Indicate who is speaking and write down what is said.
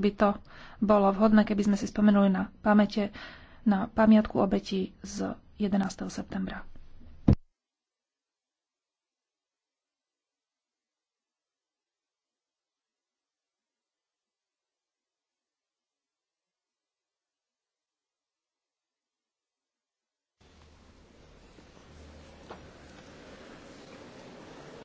Speaker 1: by to bolo vhodné, keby sme si spomenuli na pamäte na pamiatku obetí z 11. septembra.